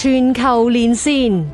全球連線，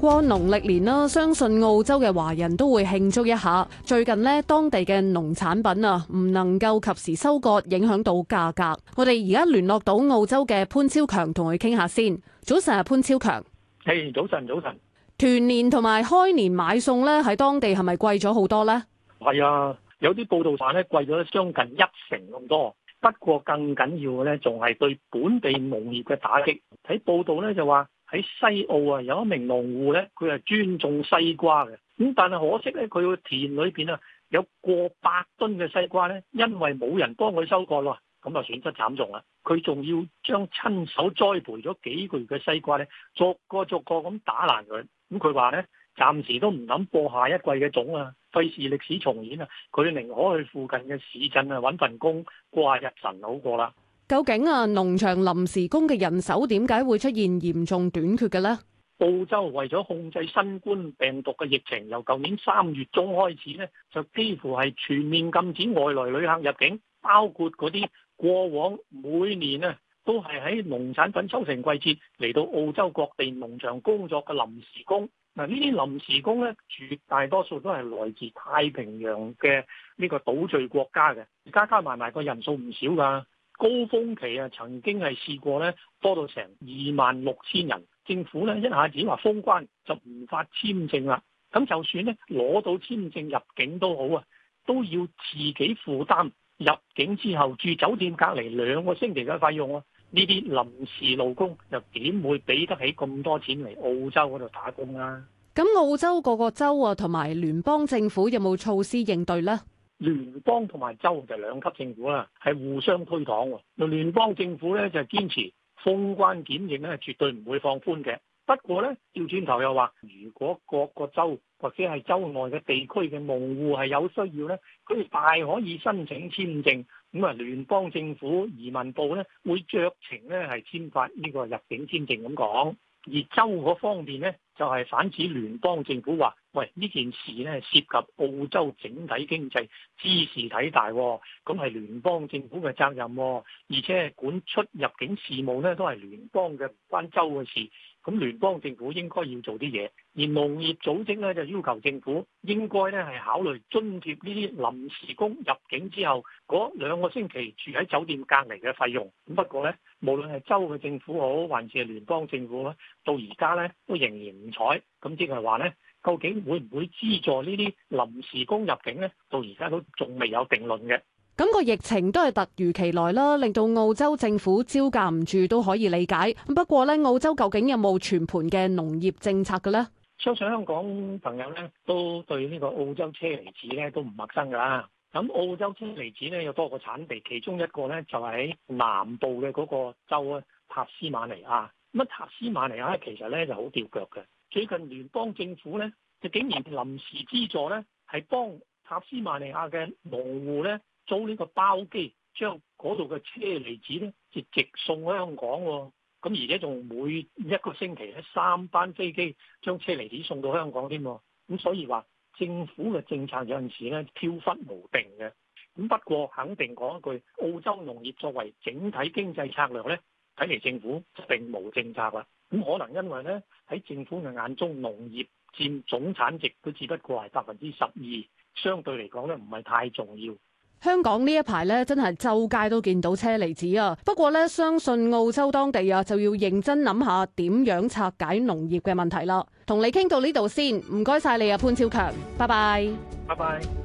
過農曆年啦，相信澳洲嘅華人都會慶祝一下。最近呢，當地嘅農產品啊，唔能夠及時收割，影響到價格。我哋而家聯絡到澳洲嘅潘昭強，同佢傾下先。早晨啊，潘昭強。誒，hey，早晨，早晨。團年同埋開年買餸咧，喺當地係咪貴咗好多呢？係啊，有啲報道話咧，貴咗將近一成咁多。不過更緊要嘅咧，仲係對本地農業嘅打擊。喺報道咧就話喺西澳啊，有一名農戶咧，佢係專種西瓜嘅。咁但係可惜咧，佢個田裏邊啊，有過百噸嘅西瓜咧，因為冇人幫佢收割咯，咁就損失慘重啊！佢仲要將親手栽培咗幾個月嘅西瓜咧，逐個逐個咁打爛佢。咁佢話咧。暫時都唔諗播下一季嘅種啊！費事歷史重演啊！佢寧可去附近嘅市鎮啊揾份工過日辰好過啦。究竟啊農場臨時工嘅人手點解會出現嚴重短缺嘅呢？澳洲為咗控制新冠病毒嘅疫情，由舊年三月中開始呢，就幾乎係全面禁止外來旅客入境，包括嗰啲過往每年啊都係喺農產品收成季節嚟到澳洲各地農場工作嘅臨時工。嗱，呢啲臨時工咧，絕大多數都係來自太平洋嘅呢個島嶼國家嘅，加加埋埋個人數唔少㗎。高峰期啊，曾經係試過咧，多到成二萬六千人。政府咧一下子話封關就唔發簽證啦。咁就算咧攞到簽證入境都好啊，都要自己負擔，入境之後住酒店隔離兩個星期嘅費用啊。呢啲臨時勞工又點會俾得起咁多錢嚟澳洲嗰度打工啊？咁澳洲各個州啊，同埋聯邦政府有冇措施應對呢？聯邦同埋州就兩級政府啦、啊，係互相推搪喎。聯邦政府咧就堅持封關檢疫咧，絕對唔會放寬嘅。不過咧，調轉頭又話，如果各個州或者係州外嘅地區嘅農戶係有需要咧，佢哋大可以申請簽證。咁啊，聯邦政府移民部咧會酌情咧係簽發呢個入境簽證咁講。而州嗰方面咧就係、是、反指聯邦政府話：「喂，呢件事咧涉及澳洲整體經濟，茲事體大、哦，咁係聯邦政府嘅責任、哦，而且係管出入境事務咧都係聯邦嘅，唔關州嘅事。咁聯邦政府應該要做啲嘢，而農業組織咧就要求政府應該咧係考慮津貼呢啲臨時工入境之後嗰兩個星期住喺酒店隔離嘅費用。咁不過咧，無論係州嘅政府好，還是係聯邦政府咧，到而家咧都仍然唔睬，咁即係話咧，究竟會唔會資助呢啲臨時工入境咧？到而家都仲未有定論嘅。咁個疫情都係突如其來啦，令到澳洲政府招架唔住都可以理解。不過咧，澳洲究竟有冇全盤嘅農業政策嘅咧？相信香港朋友咧都對呢個澳洲車厘子咧都唔陌生噶啦。咁澳洲車厘子咧有多個產地，其中一個咧就喺南部嘅嗰個州塔斯馬尼亞。咁塔斯馬尼亞其實咧就好掉腳嘅。最近聯邦政府咧就竟然臨時資助咧係幫塔斯馬尼亞嘅農戶咧，租呢個包機將嗰度嘅車厘子呢，直直送香港喎、哦。咁而且仲每一個星期咧，三班飛機將車厘子送到香港添、哦。咁所以話政府嘅政策有陣時呢，飄忽無定嘅。咁不過肯定講一句，澳洲農業作為整體經濟策略呢，睇嚟政府就並無政策啦。咁可能因為呢，喺政府嘅眼中，農業佔總產值都只不過係百分之十二，相對嚟講呢，唔係太重要。香港呢一排咧，真係周街都見到車厘子啊！不過咧，相信澳洲當地啊，就要認真諗下點樣拆解農業嘅問題啦。同你傾到呢度先，唔該晒你啊，潘昭強，拜拜，拜拜。